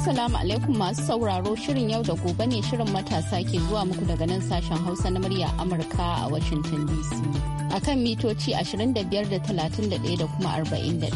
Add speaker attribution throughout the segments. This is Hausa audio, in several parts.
Speaker 1: Assalamu alaikum masu sauraro shirin yau da gobe ne shirin matasa ke zuwa muku daga nan sashen Hausa na murya Amurka a Washington DC. kan mitoci 25 da 31 da kuma 41.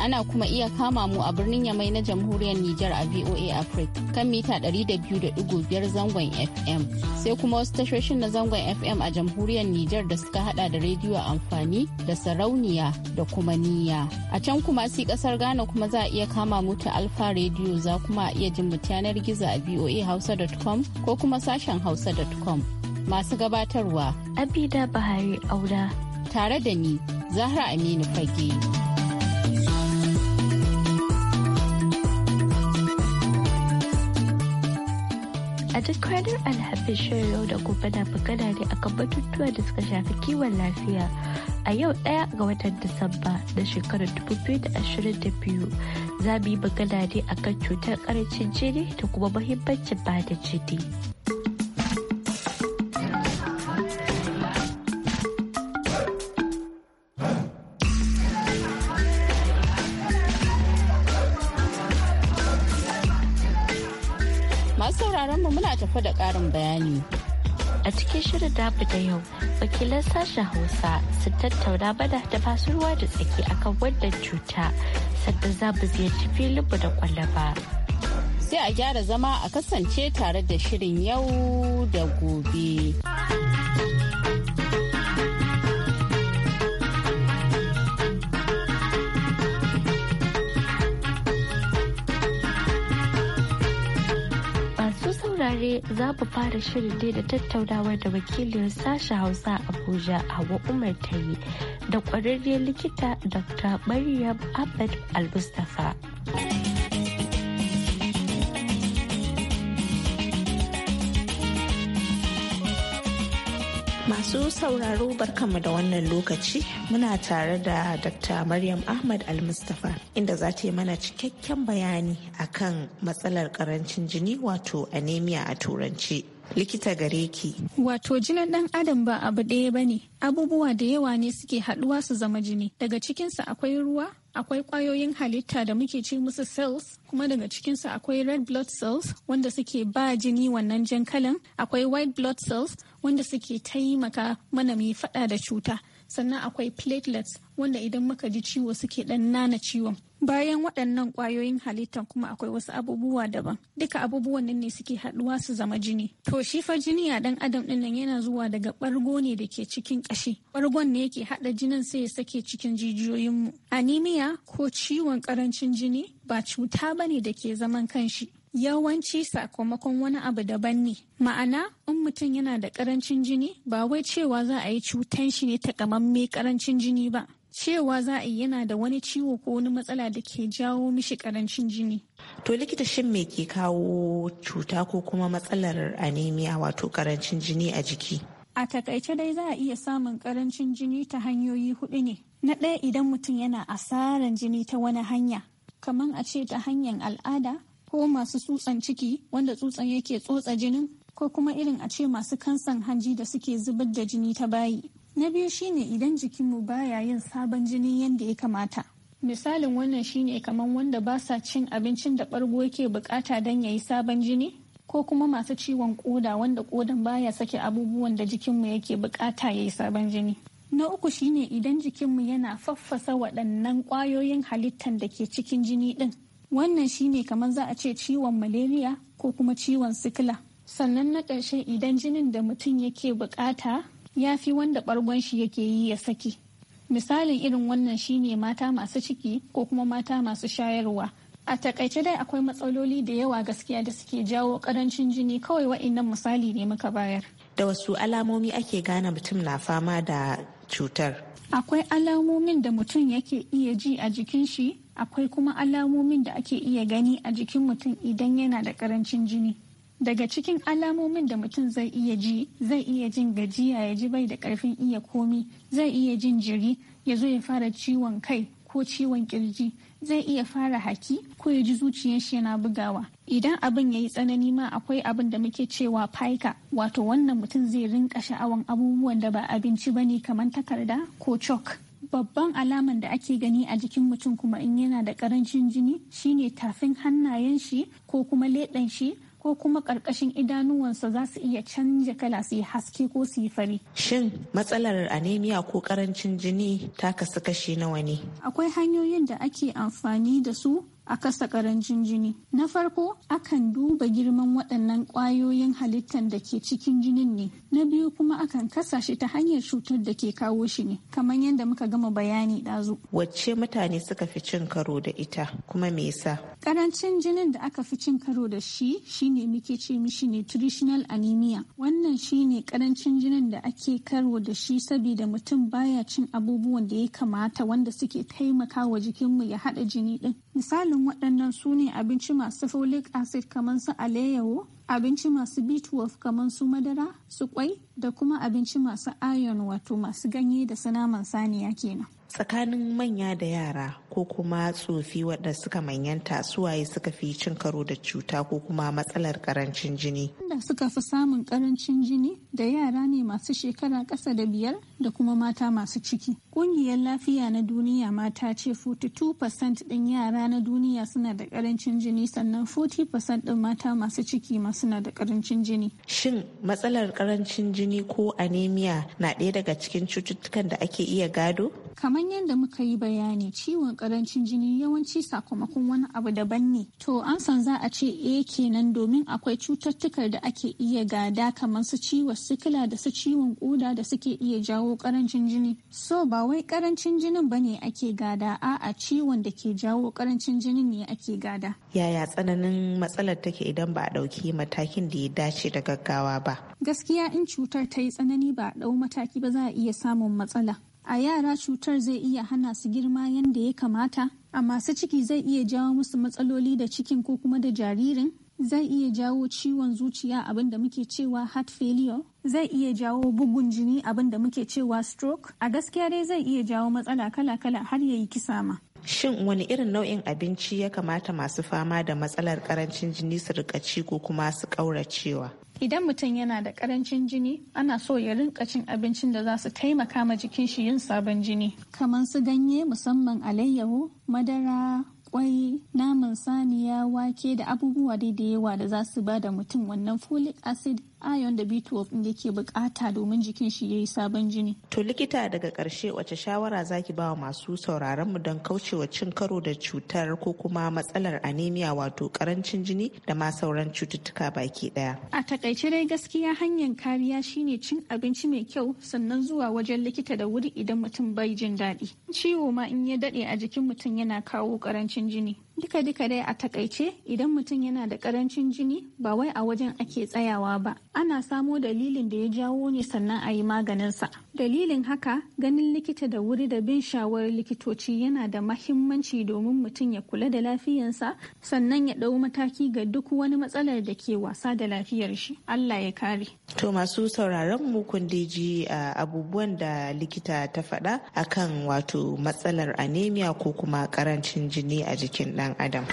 Speaker 1: Ana kuma iya kama mu a birnin Yamai na jamhuriyar Nijar a VOA Africa kan mita 200.5 zangon FM. Sai kuma wasu tashoshin na zangon FM a jamhuriyar Nijar da suka hada da rediyo amfani da sarauniya da kuma niyya. A can kuma si kasar Ghana kuma za a iya kama mu ta Alfa rediyo za kuma iya jin mu yanar gizo a voahausa.com ko kuma sashen hausa.com. Masu gabatarwa. Abida Bahari Auda. tare da ni Zahra Aminu
Speaker 2: Fage. A duk ranar alhafi shirya yau da gobe na magana ne akan batutuwa da suka shafi kiwon lafiya a yau daya ga watan Disamba da shekarar 2022. Za mu yi magana ne akan cutar karancin jini da kuma muhimmancin bada jini. tafi da ƙarin bayani. A cikin shirin dabu da yau, wakilan sashen Hausa su tattauna bada da basu ruwa da tsaki akan wadda cuta, sadda za mu ziyarci filinmu da kwallaba.
Speaker 1: Sai a gyara zama a kasance tare da shirin yau da gobe.
Speaker 2: dare za mu fara shirin dai da tattaunawar da wakilin sashi hausa abuja hawa umar ta yi da kwararriyar likita dr maryam ahmed al-mustafa
Speaker 3: Masu sauraro barkanmu da wannan lokaci muna tare da Dr. Maryam Ahmad Al-Mustapha inda za ta yi mana cikakken bayani akan matsalar karancin jini wato anemia a turanci. likita gare ki.
Speaker 4: Wato jinin ɗan adam ba abu ɗaya ba ne, abubuwa da yawa ne suke haɗuwa su zama jini. Daga cikinsa akwai ruwa, akwai ƙwayoyin halitta da muke ci musu cells kuma daga cikinsu akwai red blood cells wanda suke ba jini wannan jan kalan akwai white blood cells wanda suke taimaka mana mai faɗa da cuta sannan akwai platelets wanda idan muka ji ciwo suke dan nana ciwon bayan waɗannan ƙwayoyin halittar kuma akwai wasu abubuwa daban duka abubuwan nan ne suke haɗuwa su zama jini to shi fa jini a ɗan adam ɗin yana zuwa daga ɓargo ne da ke cikin ƙashi ɓargon ne yake haɗa jinin sai ya sake cikin jijiyoyinmu anemia ko ciwon ƙarancin jini ba cuta ba ne da ke zaman kanshi yawanci sakamakon wani abu daban ne ma'ana in mutum yana da karancin jini ba wai cewa za a yi cutan shi ne mai karancin jini ba cewa za a yi yana da wani ciwo ko wani matsala da ke jawo mishi karancin jini. To likita
Speaker 3: shin me ke kawo cuta ko kuma matsalar anemia wato karancin jini a
Speaker 4: jiki? A takaice dai za a iya samun karancin jini ta hanyoyi hudu ne. Na ɗaya idan mutum yana asaran jini ta wani hanya, kaman a ce ta hanyar al'ada ko masu tsutsan ciki wanda tsutsan yake tsotsa jinin ko kuma irin a ce masu kansan hanji da suke zubar da jini ta bayi. Na biyu shine idan jikinmu baya yin sabon jini yadda ya kamata. Misalin wannan shine kamar wanda ba sa cin abincin da ɓargo yake bukata don ya yi sabon jini ko kuma masu ciwon ƙoda wanda kodan baya sake abubuwan da jikinmu yake bukata ya yi sabon jini. Na uku shine idan jikinmu yana faffasa waɗannan ƙwayoyin halittan da ke cikin jini ɗin wannan shine kamar za a ce ciwon malaria ko kuma ciwon sikila sannan na ƙarshe idan jinin da mutum yake bukata ya fi wanda ɓargon shi yake yi ya saki misalin irin wannan shine mata masu ciki ko kuma mata masu shayarwa a takaice dai akwai matsaloli da yawa gaskiya da suke jawo karancin jini kawai wa'innan misali ne muka bayar da wasu alamomi
Speaker 3: ake gane mutum na fama da cutar
Speaker 4: akwai alamomin da mutum yake iya ji a jikin shi akwai kuma alamomin da ake iya gani a jikin mutum idan yana da karancin jini daga cikin alamomin da mutum zai iya ji zai iya jin gajiya ya ji bai da karfin iya komi zai iya jin jiri ya zo ya fara ciwon kai ko ciwon kirji zai iya fara haki ko ya ji zuciyar shi yana bugawa idan abin ya yi tsanani ma akwai abin da muke cewa paika wato wannan mutum zai rinka sha'awan abubuwan da ba abinci ba ne kamar takarda ko chalk babban alaman da ake gani a jikin mutum kuma in yana da karancin jini shine tafin hannayen shi ko kuma leɗen shi ko kuma ƙarƙashin idanuwansa za su iya canja kala su yi haske ko su yi fari.
Speaker 3: Shin matsalar anemia ko ƙarancin jini ta kasu kashi nawa ne?
Speaker 4: Akwai hanyoyin da ake amfani da su a kasa karancin jini. Na farko, akan duba girman waɗannan ƙwayoyin halittar da ke cikin jinin ne. Na biyu kuma akan kasa shi ta hanyar cutar da ke kawo shi ne, kamar yadda muka gama bayani ɗazu.
Speaker 3: Wacce mutane suka fi cin karo da ita kuma me yasa?
Speaker 4: Karancin jinin da aka fi cin karo da shi shine muke ce mishi nutritional anemia. Wannan shine karancin jinin da ake karo da shi saboda mutum baya cin abubuwan da ya kamata wanda suke taimaka wa jikinmu ya haɗa jini ɗin. Misalin waɗannan su ne abinci masu folic acid kamar su alayyawo, abinci masu B12 kamar su madara, su kwai da kuma abinci masu iron wato masu ganye da su naman saniya kenan.
Speaker 3: tsakanin manya da yara ko kuma tsofi waɗanda suka manyanta suwaye suka fi cin karo da cuta ko kuma matsalar karancin jini.
Speaker 4: Wanda suka fi samun karancin jini da yara ne masu shekara ƙasa da biyar da kuma mata masu ciki. Ƙungiyar lafiya na duniya mata ce 42% ɗin yara na duniya suna da karancin jini sannan 40% ɗin mata masu ciki ma suna da karancin jini. Shin
Speaker 3: matsalar karancin jini ko anemia na ɗaya daga cikin cututtukan da ake iya gado?
Speaker 4: Kamar yadda muka yi bayani ciwon karancin jini yawanci sakamakon wani abu daban ne to an san za a ce eh kenan domin akwai cututtukar da ake iya gada kamar su ciwon sikila da su ciwon koda da suke iya jawo karancin jini so ba wai karancin jinin bane ake gada a'a ciwon da ke jawo karancin jini ne ake gada
Speaker 3: yaya tsananin matsalar take idan ba a ɗauki matakin da ya dace da gaggawa ba
Speaker 4: gaskiya in cutar ta yi tsanani ba a ɗau mataki ba za a iya samun matsala a yara cutar zai iya hana su girma yadda ya kamata a masu ciki zai iya jawo musu matsaloli da cikin ko kuma da jaririn zai iya jawo ciwon zuciya abin da muke cewa heart failure zai iya jawo bugun jini abin da muke cewa stroke a gaskiya dai zai iya jawo matsala kala-kala har ya yi kisa ma
Speaker 3: shin wani irin nau'in abinci ya kamata masu fama da matsalar karancin jini su rika ci ko kuma su kauracewa
Speaker 4: idan mutum yana da karancin jini ana so ya rinka cin abincin da za su taimaka ma jikin shi yin sabon jini kamar su ganye musamman alayyahu madara kwai naman saniya wake da abubuwa da yawa da za su ba da mutum wannan folic acid ayon da b din yake bukata domin jikin shi yayi sabon jini.
Speaker 3: To likita daga karshe wace shawara zaki ba wa masu sauraron mu don kaucewa cin karo da cutar ko kuma matsalar anemia wato karancin jini da ma sauran cututtuka baki daya.
Speaker 4: A takaice dai gaskiya hanyar kariya shine cin abinci mai kyau sannan zuwa wajen likita da wuri idan mutum bai jin daɗi. Ciwo ma in ya daɗe a jikin mutum yana kawo karancin jini. Duka duka dai a takaice idan mutum yana da karancin jini ba wai a wajen ake tsayawa ba ana samo dalilin da ya jawo ne sannan a yi maganinsa. Dalilin haka ganin likita da wuri da bin shawarar likitoci yana da mahimmanci domin mutum ya kula da lafiyansa sannan ya ɗau mataki ga duk wani matsalar da ke wasa da lafiyar shi. Allah ya kare.
Speaker 3: To masu sauraron mu kun ji abubuwan da likita ta faɗa akan wato matsalar anemia ko kuma karancin jini a jikin ɗan adam.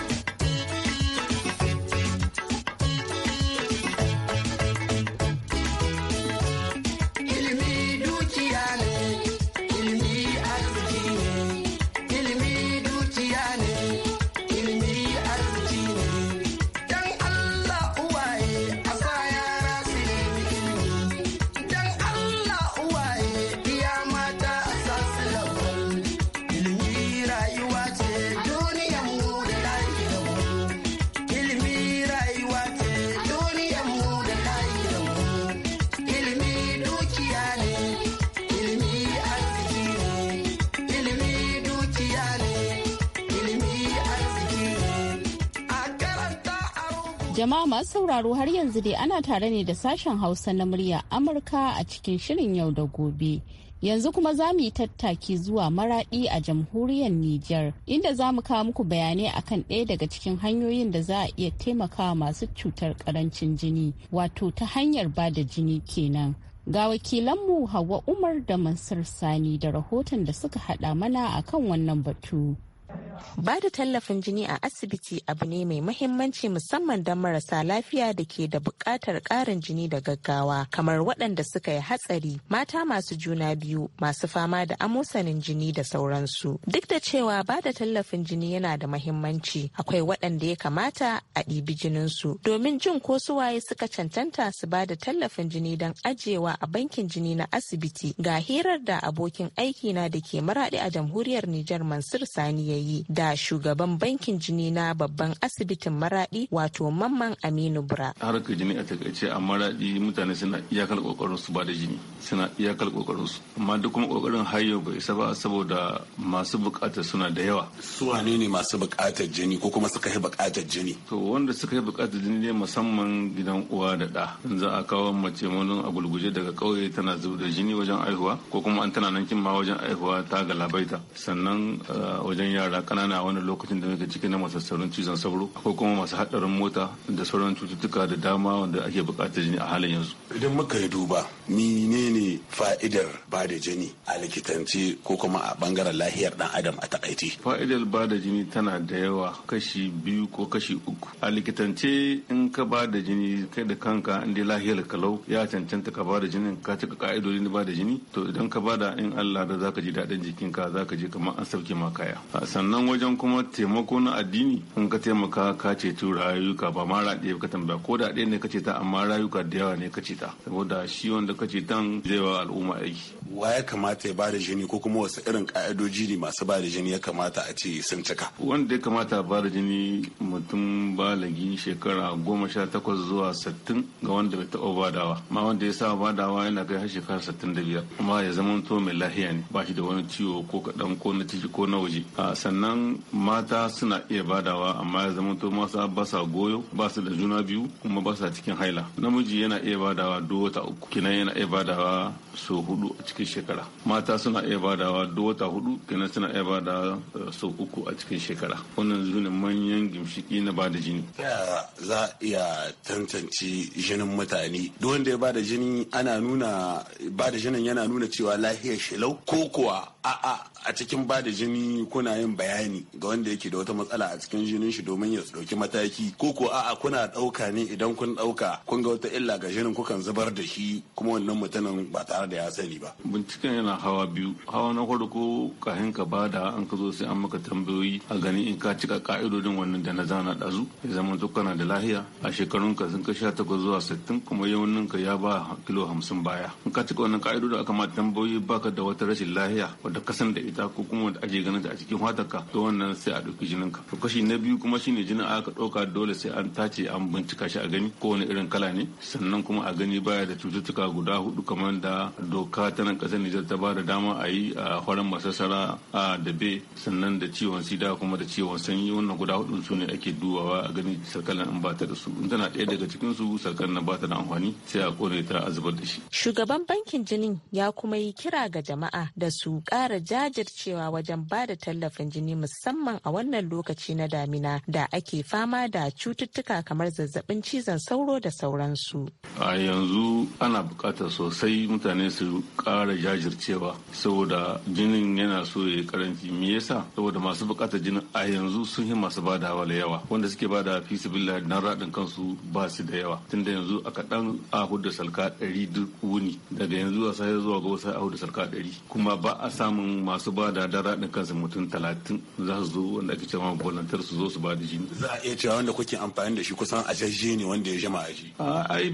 Speaker 1: Jama'a masu sauraro har yanzu dai ana tare ne da sashen Hausa na murya Amurka a cikin shirin yau da gobe. Yanzu kuma za mu yi tattaki zuwa maraɗi a jamhuriyar Nijar, inda za mu kawo muku bayanai akan ɗaya daga cikin hanyoyin da za a iya taimakawa masu cutar ƙarancin jini, wato ta hanyar ba da jini kenan. Ga wakilanmu Hauwa Umar da Mansur Sani da rahoton da suka haɗa mana akan wannan batu. Ba
Speaker 3: da tallafin jini a asibiti abu ne mai mahimmanci musamman don marasa lafiya da ke da buƙatar ƙarin jini da gaggawa kamar waɗanda suka yi hatsari mata masu juna biyu masu fama da amosanin jini da sauransu. Duk da cewa ba da tallafin jini yana da mahimmanci akwai waɗanda ya kamata a ɗibi jininsu domin jin ko waye suka cancanta su ba da tallafin jini don ajiyewa a bankin jini na asibiti ga hirar da abokin aiki na da ke maraɗi a jamhuriyar Nijar Mansur Sani ya yi. yi da shugaban bankin jini na babban asibitin maradi wato mamman aminu bura
Speaker 5: harkar jini a takaice a maradi mutane suna iyakar kokarin su ba da jini suna iyakar kokarin su amma duk kuma kokarin hayo bai isa ba saboda masu bukata suna da yawa su wane ne masu bukatar jini ko kuma suka yi bukatar jini to wanda suka yi bukatar jini ne musamman gidan uwa da da za a kawo mace manon a gulguje daga kauye tana zubar da jini wajen aihuwa ko kuma an tana nan kin ma wajen aihuwa ta galabaita sannan eh, wajen yara yara kanana wani lokacin da muke ciki na masu saurin cizon sauro ko kuma masu haɗarin mota da sauran cututtuka da dama wanda ake bukatar jini a halin yanzu idan muka yi duba ni
Speaker 6: ne fa'idar ba da jini a likitanci ko kuma a bangaren lahiyar dan adam a
Speaker 5: takaici fa'idar ba da jini tana da yawa kashi biyu ko kashi uku a likitance in ka ba da jini kai da kanka inda lahiyar kalau ya cancanta ka ba da jini ka cika ka'idodin ba da jini to idan ka ba da in Allah da zaka ji daɗin jikinka zaka je kamar an sauke ma kaya sannan wajen kuma taimako na addini in ka taimaka ka ceto rayuka ba ma raɗe ka tambaya ko da ɗaya ne ka ce ta amma rayuka da yawa ne ka ce ta saboda shi wanda ka ce tan zai wa al'umma aiki wa ya kamata ya bada jini ko kuma wasu irin ka'idoji ne masu bada
Speaker 6: jini ya kamata a ce sun cika
Speaker 5: wanda ya kamata a bada jini mutum balagi shekara goma sha takwas zuwa sittin ga wanda bai taɓa badawa ma wanda ya sa badawa yana kai har shekara sittin da biyar kuma ya zama to mai lahiya ne ba shi da wani ciwo ko kaɗan ko na ciki ko na waje sannan mata suna iya badawa amma ya zama to masa ba sa goyo ba su da juna biyu kuma ba sa cikin haila namiji yana iya badawa duk wata uku kinan yana iya badawa so hudu a cikin shekara mata suna iya badawa duk wata hudu kenan suna iya bada eh, sau uku a cikin shekara wannan zune manyan gimshiki na bada jini
Speaker 6: za a iya tantance jinin mutane duk wanda ya bada jini ana nuna bada jinin yana nuna cewa lahiyar lau ko kuwa a'a a cikin ba da jini kuna yin bayani ga wanda yake da wata matsala a cikin jinin shi domin ya dauki mataki ko ko a'a kuna dauka ne idan kun dauka kun ga wata illa ga jinin kukan zubar da shi kuma wannan mutumin
Speaker 5: ba tare da ya sani ba binciken yana hawa biyu hawa na farko kahin ka bada an ka zo sai an maka tambayoyi a gani in ka cika ka'idodin wannan da na zana dazu ya zama kana da lahiya a shekarun ka sun ka sha takwas zuwa sittin kuma yawanin ka ya ba kilo hamsin baya in ka cika wannan ka'idodin aka ma tambayoyi baka da wata rashin lahiya wadda kasan da ita ko kuma da ake ganin ta a cikin fatarka to wannan sai a ɗauki ka to kashi na biyu kuma shine jinin aka ɗauka dole sai an tace an bincika shi a gani ko wani irin kala ne sannan kuma a gani baya da cututtuka guda hudu kamar da doka ta nan ƙasar Nijar ta ba da dama a yi a faran masassara a da be sannan da ciwon sida kuma da ciwon sanyi wannan guda hudun su ne ake duwawa a gani sarkalan in ba ta da su in tana ɗaya daga cikin su sarkalan na ba da amfani sai a kone ta a zubar da shi.
Speaker 3: Shugaban bankin jinin ya kuma yi kira ga jama'a da su kara jaje jajircewa wajen ba da tallafin jini musamman a wannan lokaci na damina da ake fama da cututtuka kamar zazzabin cizon sauro da sauransu.
Speaker 5: A yanzu ana bukatar sosai mutane su kara jajircewa saboda jinin yana so ya karanci me yasa saboda masu bukatar jinin a yanzu sun yi masu bada da yawa wanda suke ba bada fisibilla na radin kansu ba su da yawa tunda yanzu aka dan a hudu salka ɗari duk wuni daga yanzu a sai zuwa ga sai a hudu salka ɗari kuma ba a samun masu ba da dara din kansu mutum talatin za su zo wanda ake cewa volunteer su zo su ba da jini. Za a iya cewa wanda kuke amfani da shi kusan ajajje ne wanda ya jima a shi.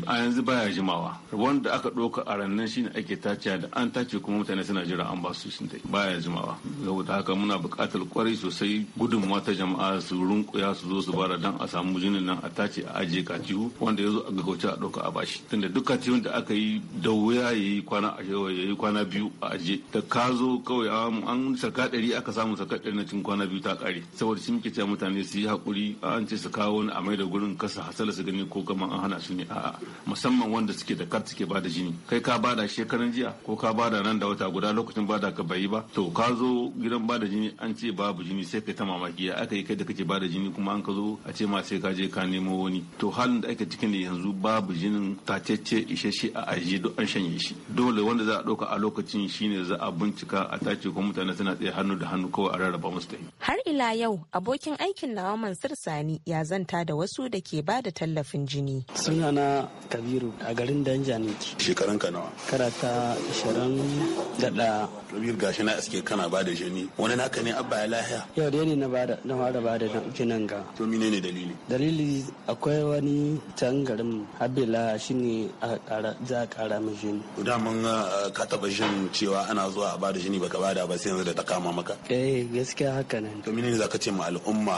Speaker 5: A yanzu baya jimawa. Wanda aka ɗauka a rannan shi ne ake tacewa da an tace kuma mutane suna jira an ba su sun tai. Baya jimawa. Saboda haka muna buƙatar kwarai sosai gudun mata jama'a su runkuya su zo su bara dan a samu jinin nan a tace a ajiye katihu wanda ya zo a gaggauce a ɗauka a bashi. Tunda duk katihun da aka yi da wuya ya kwana a yi kwana biyu a ajiye. Da ka zo kawai ah, an sarka ɗari aka samu sarka ɗari na cikin kwana biyu ta ƙare saboda shi muke cewa mutane su yi haƙuri an ce su kawo wani a mai da gurin kasa hasala su gani ko kama an hana su ne a'a musamman wanda suke da kar suke bada jini kai ka bada shekaran jiya ko ka bada nan da wata guda lokacin bada ka bayi ba to ka zo gidan bada jini an ce babu jini sai kai ta mamaki ya aka yi kai da kake bada jini kuma an ka zo a ce ma sai ka je ka nemo wani to halin da ake cikin ne yanzu babu jinin tatacce isasshe a ajiye duk an shanye shi dole wanda za a ɗauka a lokacin shine za a bincika a tace kuma mutane suna tsaye hannu da hannu kawai a rarraba musu tafi.
Speaker 3: Har ila yau abokin aikin nawa Mansur Sani ya zanta da wasu da ke ba da
Speaker 6: tallafin jini. Suna na Kabiru a garin Danja ne. Shekaran ka nawa? Karata ishirin da ɗaya. Kabiru gashi na iske kana ba da jini wani naka ne abba ya lahiya. Yau dai ne na ba da na fara ba da jinin ga. To mine ne dalili? Dalili akwai wani can garin Abila shine za a kara min jini. Daman ah, ka taɓa jin cewa ana zuwa a ba da jini baka ba da ba sai yanzu da ta kama maka eh gaskiya haka nan to menene zaka ce ma al'umma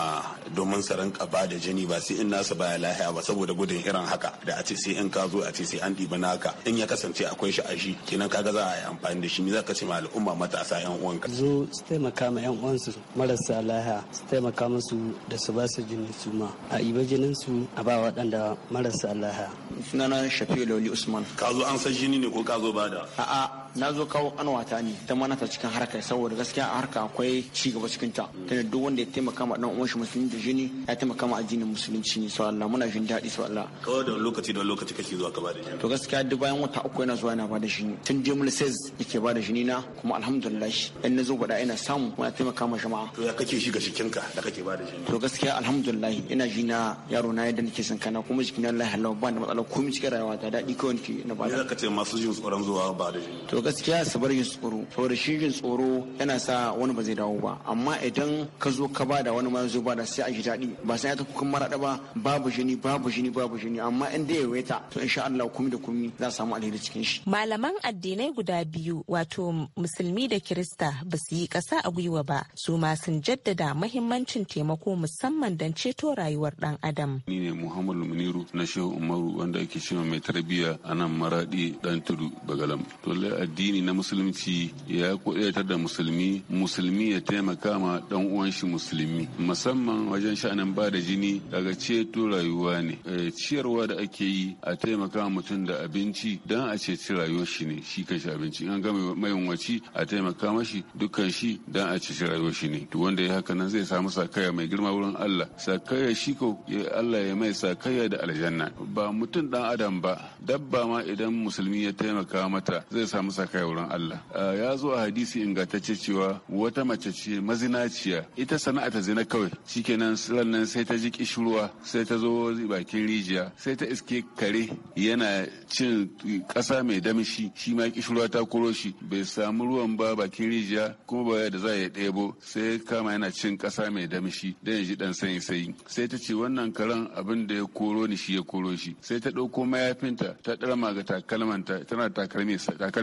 Speaker 6: domin su rinka ba da jini ba sai in nasu baya lahiya ba saboda gudun irin haka da a ce sai in ka zo a ce sai an ɗiba naka in ya kasance akwai shi a shi kenan kaga za a yi amfani da shi me zaka ce ma al'umma matasa yan uwanka zo su taimaka ma yan uwansu marasa lahiya su taimaka musu da su ba su jini su ma a iba jinin su a ba waɗanda marasa lahiya sunana shafilo Ali usman ka zo an san jini ne ko ka zo bada a'a na zo kawo kanwata ne ta mana ta cikin harka saboda gaskiya a harka akwai ci gaba cikin ta tana duk wanda ya taimaka ma dan uwan shi musulmi da jini ya taimaka ma addinin musulunci ne sau Allah muna jin dadi sau Allah kawai da lokaci da lokaci kake zuwa ka bada jini to gaskiya duk bayan wata uku yana zuwa yana bada jini tun jimul says yake bada jini na kuma alhamdulillah in na zo bada ina samu kuma ya taimaka ma jama'a to ya kake shiga ka da kake bada jini to gaskiya alhamdulillah ina jina yaro na yadda nake son kana kuma jikina Allah ya halawa ba da matsala komai cikin rayuwa ta daɗi kawai ke na ba da ka ce masu jin tsoron zuwa ba da to gaskiya su bar jin tsoro saboda shi jin tsoro yana sa wani ba zai dawo ba amma idan ka zo ka ba da wani ma zo ba da sai a ji daɗi ba sai ta kukan maraɗa ba babu jini babu jini babu jini amma in ya yawaita to insha Allah kumi da kumi za a samu alheri cikin shi
Speaker 3: malaman addinai guda biyu wato musulmi da kirista ba su yi ƙasa a gwiwa ba su ma sun jaddada mahimmancin taimako musamman don ceto rayuwar ɗan adam
Speaker 7: ni ne muhammadu muniru na shehu umaru wanda ake cewa mai tarbiyya a nan maraɗi dan tudu bagalam to addini na musulunci ya kudaitar da musulmi musulmi ya taimaka ma ɗan uwan shi musulmi musamman wajen sha'anin ba da jini daga ceto rayuwa ne eh, ciyarwa da ake yi a taimaka mutum da abinci dan a ceci rayuwar shi ne shi kan shi abinci an mai mayunwaci a taimaka mashi dukkan shi dan a ceci rayuwar shi ne to wanda ya haka nan zai samu sakaya mai girma wurin Allah sakaya shi ko eh, Allah ya mai sakaya da aljanna ba mutum dan adam ba dabba ma idan musulmi ya taimaka mata zai samu sakai wurin Allah ya zo a hadisi ingantacce cewa wata mace ce mazinaciya ita sana'a ta zina kawai shikenan sannan sai ta ji kishirwa sai ta zo bakin rijiya sai ta iske kare yana cin kasa mai damshi shi ma kishirwa ta koro shi bai samu ruwan ba bakin rijiya kuma ba da za ya ɗebo sai kama yana cin kasa mai damshi dan ji dan sanyi sanyi sai ta ce wannan karan abin da ya koro ni shi ya koro shi sai ta ɗauko mayafinta ta ɗarma ga takalmanta tana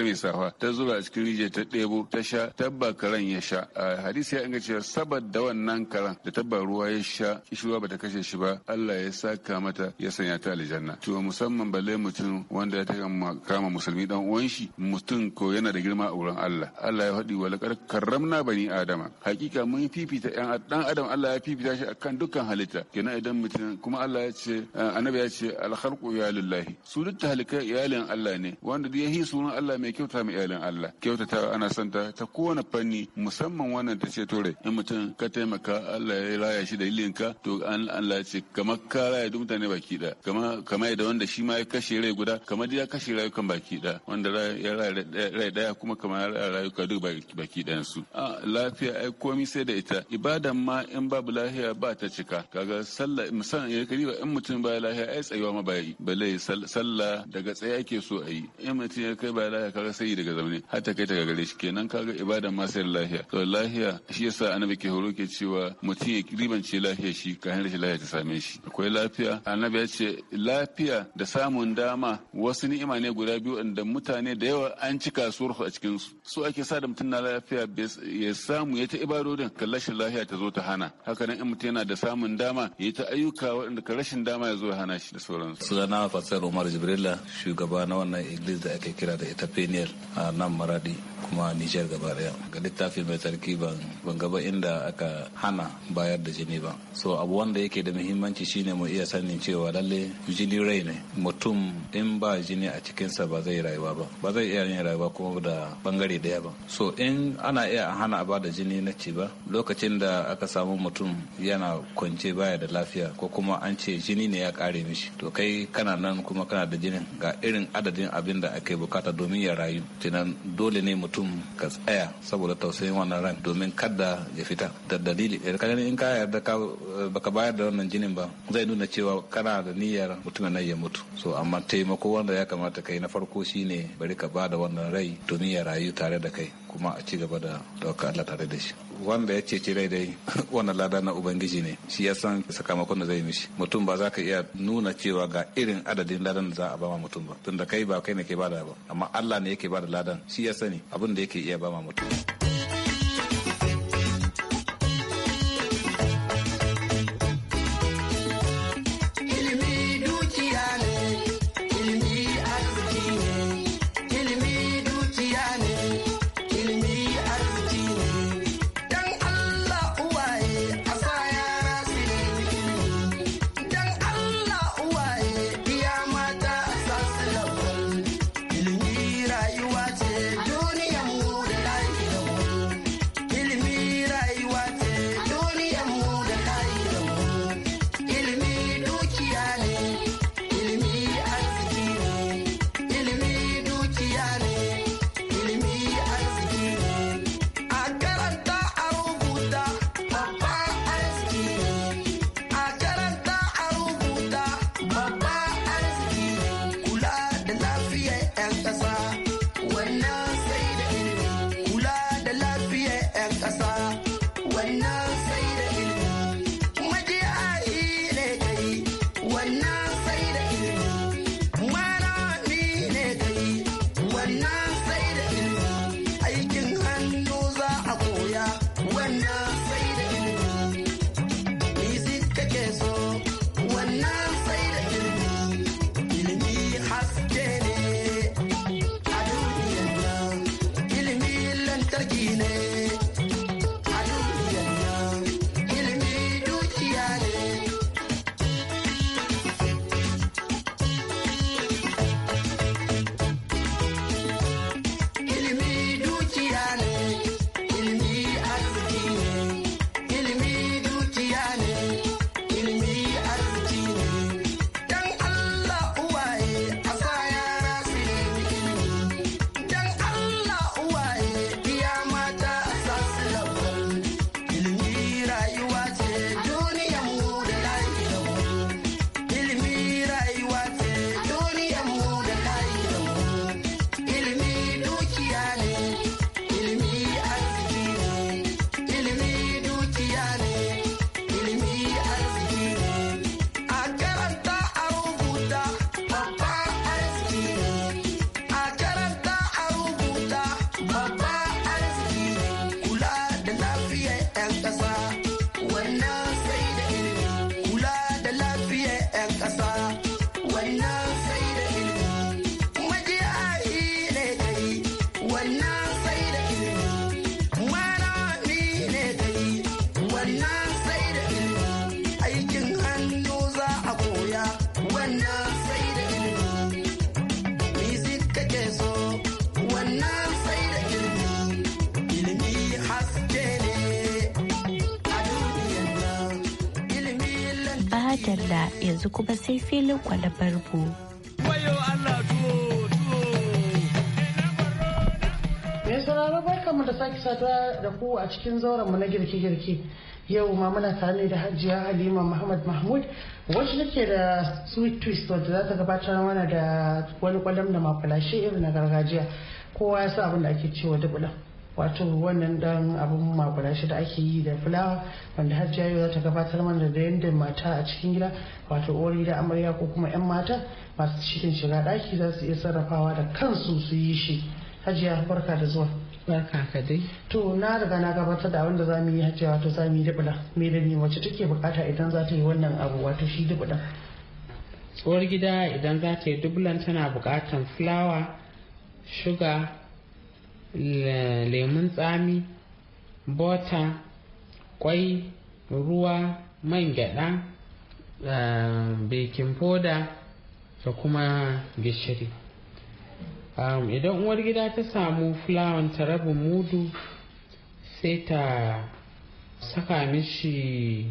Speaker 7: mai safa ta zuba a cikin rijiya ta ɗebo ta sha tabba karan ya sha a hadisi ya inga cewa saboda wannan karan da tabba ruwa ya sha kishuwa bata kashe shi ba Allah ya saka mata ya sanya ta aljanna to musamman balle mutum wanda ya taka kama musulmi dan uwan shi mutum ko yana da girma a wurin Allah Allah ya faɗi walakar karramna bani adama hakika mun fifita yan dan adam Allah ya fifita shi akan dukkan halitta kenan idan mutum kuma Allah ya ce eh, annabi ya ce al ya lillahi su duk tahalikai iyalin Allah ne wanda ya yahi sunan Allah mai kyauta mai iyalin Allah kyautata ana santa ta kowane fanni musamman wannan ta ce tore in mutum ka taimaka Allah ya raya shi da ilinka to Allah ce kamar ka raya duk mutane baki da kamar kamar da wanda shi ma ya kashe rai guda kamar ya kashe rayukan baki da wanda ya rai daya kuma kamar rayuka duk baki da su a lafiya ai komai sai da ita ibadan ma in babu lafiya ba ta cika kaga sallah musamman ya kariba in mutum ba lafiya ai tsayuwa ma ba balai sallah daga tsaye ake so a yi in mutum ya kai bala ya kaga sai daga zaune har ta kai ta gare shi kenan kaga ibada ma sai lafiya to lafiya shi yasa annabi ke horo ke cewa mutum ya ribance lafiya shi kafin shi lafiya ta same shi akwai lafiya annabi ya ce lafiya da samun dama wasu ni'ima ne guda biyu inda mutane da yawa an ci kasuwar a cikin su so ake sa da mutum na lafiya ya samu ya ta ibadodin ka rashin lafiya ta zo ta hana haka nan in mutum yana da samun dama ya ta ayyuka waɗanda ka rashin dama ya zo ya hana shi
Speaker 8: da sauransu. na Fatsar Umar Jibrila shugaba na wannan iglis da ake kira da ita Peniel a nan Maradi kuma Nijar gaba daya. Ga littafi mai tsarki ban gaba inda aka hana bayar da jini ba. So abu wanda yake da muhimmanci shine mu iya sanin cewa lalle jini rai ne. Mutum in ba jini a cikinsa ba zai rayuwa ba. Ba zai iya yin rayuwa kuma da bangare daya ba. So in ana iya hana a bada jini na ci ba lokacin da aka samu mutum yana kwance baya da lafiya ko kuma an ce jini ne ya kare mishi. To kai kana kana nan kuma kana da jinin ga irin adadin abin da ake bukata domin ya rayu tunan dole ne mutum ka tsaya saboda tausayin wannan ran domin kada ya fita da dalili eh, in ka yarda eh, baka bayar da wannan jinin ba zai nuna cewa kana da niyyar mutumin na ya mutu so amma taimako wanda ya kamata kai na farko shine bari ka bada wannan rai domin ya rayu tare da kai kuma a ci gaba da dauka Allah tare da shi wanda ya cece rai dai wannan lada na ubangiji ne shi ya san sakamakon da zai mishi mutum ba za ka iya nuna cewa ga irin adadin ladan da za a bama mutum ba tunda kai ba kai ne ke bada ba amma Allah ne yake bada ladan shi ya sani abin da yake iya bama mutum
Speaker 2: dalla yanzu kuma sai filin kwalabar mu.
Speaker 9: Mai mu da sake saduwa da ku a cikin zauren mu na girke-girke. Yau ma muna tare da Hajiya Halima Muhammad Mahmud wacce take da sweet twist wadda za ta gabatar mana da wani kwalam da makulashe irin na gargajiya. Kowa ya sa abin da ake cewa dubulan. wato wannan dan abun makula shi da ake yi da fulawa wanda har yau za ta gabatar mana da yadda mata a cikin gida wato ori da amarya ko kuma 'yan mata masu cikin shiga ɗaki za su iya sarrafawa da kansu su yi shi hajiya barka da zuwa barka ka dai to na riga na gabatar da wanda zamu yi hajiya wato zamu yi dubula me da ni wacce take bukata idan za ta yi wannan abu wato shi dubula tsohuwar gida idan za ta yi dubulan tana bukatan fulawa shuga lemun tsami bota kwai ruwa man gyaɗa, eh, baking foda, da kuma gishiri um, idan uwar gida ta samu fulawan tarabin mudu sai ta saka mishi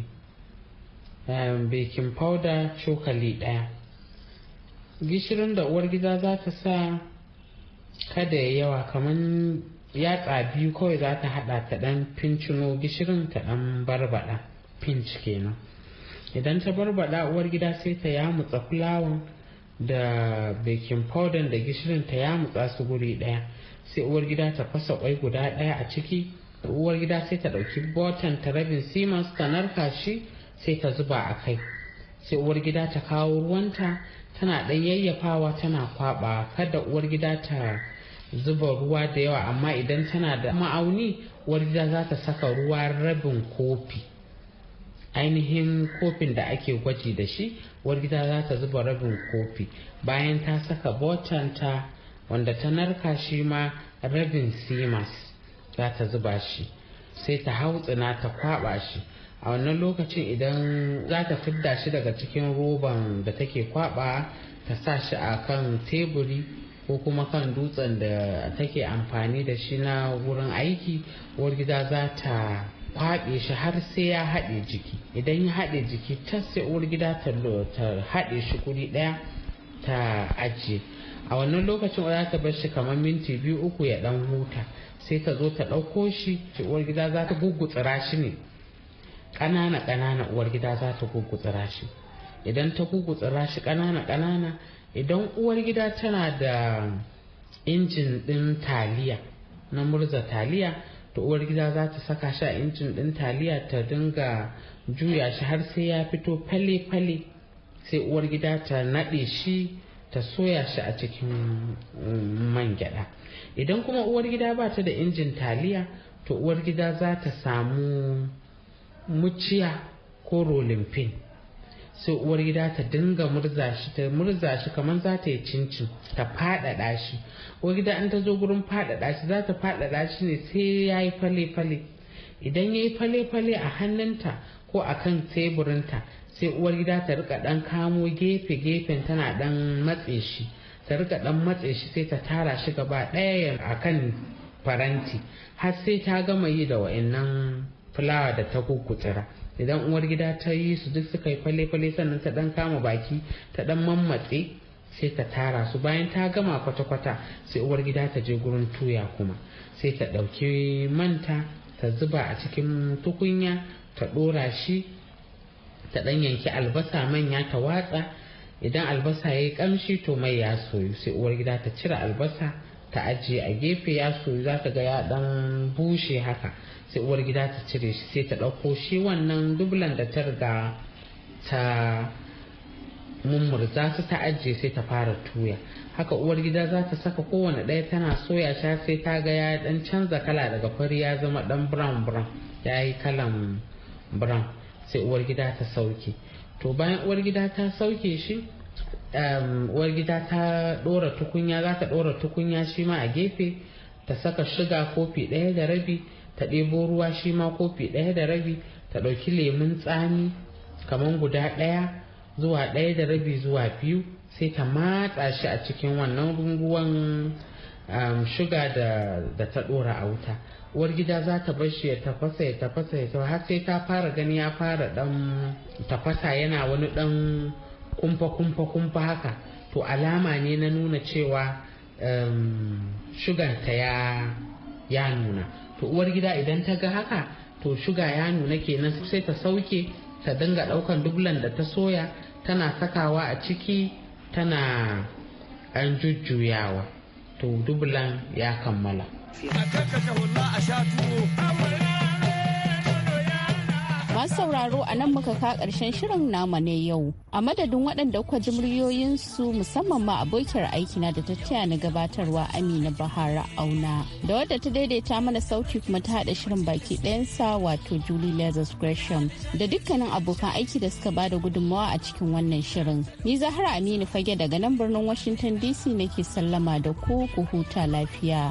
Speaker 9: um, baking powder cokali ɗaya. gishirin da uwar gida za ta sa kada ya yawa kamar yatsa biyu kawai za ta hada ta dan fincino gishirin ta dan barbada pinch kenan idan ta barbada uwar gida sai ta yamutsa fulawan da baking powder da gishirin ta yamutsa su guri daya sai uwar gida ta fasa kwai guda daya a ciki uwar gida sai ta dauki botan ta rabin siemens ta narka shi sai ta zuba a kai sai uwar gida ta kawo ruwanta tana ɗan yayyafawa tana kwaba kada uwar gida ta zuba ruwa da yawa amma idan tana da ma'auni uwar gida za ta saka ruwa rabin kofi ainihin kofin da ake gwaji da shi uwar gida za ta zuba rabin kofi bayan ta saka botanta wanda ta narka shi ma rabin simas za ta zuba shi sai ta hau tsina ta kwaba shi a wannan lokacin idan za ta fidda shi daga cikin roban da take kwaba ta sa shi a kan teburi ko kuma kan dutsen da take amfani da shi na wurin aiki uwar gida za ta kwaɓe shi har sai ya haɗe jiki idan ya haɗe jiki ta sai uwar gida ta haɗe shi kuri ɗaya ta ajiye a wannan lokacin za ta bar shi kamar minti biyu uku ya ɗan huta sai ta zo ta ɗauko shi uwar gida za ta tsira shi ne ƙanana ƙanana uwar gida za ta gugutsira shi idan ta gugutsira shi ƙanana ƙanana idan uwar gida tana da injin ɗin taliya na murza taliya to uwar gida za ta saka shi a injin ɗin taliya ta dinga juya shi har sai ya fito fale-fale sai uwar gida ta naɗe shi ta soya shi a cikin mm, man gyaɗa idan kuma uwar gida ba ta da injin taliya to uwar gida za ta samu muciya ko rolimfin sai uwar gida ta dinga murza ta murza kamar za ta yi cincin ta faɗaɗa shi uwar gida an ta zo gurin faɗaɗa shi za ta faɗaɗa shi ne sai ya yi fale-fale idan ya yi fale-fale a hannunta ko a kan teburinta sai uwar gida ta rika ɗan kamo gefe-gefen tana ɗan matse shi ta rika ɗan matse shi sai ta tara shi gaba ɗaya a kan faranti har sai ta gama yi da wa'annan fulawa da ta kukutura idan uwar gida ta yi su duk suka yi kwale kwale sannan ta dan kama baki ta dan mammatse sai ta tara su bayan ta gama kwata-kwata sai uwar gida ta je gurin tuya kuma sai ta ɗauki manta ta zuba a cikin tukunya ta ɗora shi ta ɗan yanki albasa manya ta watsa idan albasa ya yi ƙamshi to mai ya soyu sai uwar gida ta cire albasa ta ajiye a gefe ya soyu za ta ga ya ɗan bushe haka sai uwar gida ta cire shi sai ta ɗauko shi wannan dublan da ta riga ta mummurza su ta ajiye sai ta fara tuya haka uwar gida za ta saka kowane ɗaya tana soya sha sai ta ga ya ɗan canza kala daga fari ya zama ɗan brown brown ya yi kalan brown sai uwar gida ta sauke to bayan uwar gida ta sauke shi um, uwar gida ta ɗora tukunya za ta ɗora tukunya shi ma a gefe ta saka shiga kofi ɗaya da rabi ta ɗebo ruwa shi ma kofi ɗaya da rabi ta ɗauki lemun tsami kamar guda ɗaya zuwa ɗaya da rabi zuwa biyu sai ta matsa shi a cikin wannan runguwan um, shuga da, da ta ɗora a wuta uwar gida za ta bar shi ya tafasa ya tafasa ya tafasa har sai ta fara gani ya fara ɗan tafasa yana wani ɗan kumfa kumfa kumfa haka to alama ne na nuna cewa um, ta ya, ya nuna to uwar gida idan ta ga haka to shuga ya nuna kenan sai ta sauke ta dinga daukan dublan da ta soya tana sakawa a ciki tana an jujjuyawa to dublan ya kammala
Speaker 6: a a sha tuwo
Speaker 1: Masu sauraro a nan muka ka karshen shirin nama ne yau. A madadin waɗanda kuka ji muryoyinsu musamman ma abokiyar aikina da ta na gabatarwa Amina Bahara Auna. Da wadda ta daidaita mana sauti kuma ta haɗa shirin baki ɗayansa wato Julie Lazarus Gresham. Da dukkanin abokan aiki da suka bada gudunmawa a cikin wannan shirin. Ni Zahra Aminu Fage daga nan birnin Washington DC nake sallama da ku ku huta lafiya.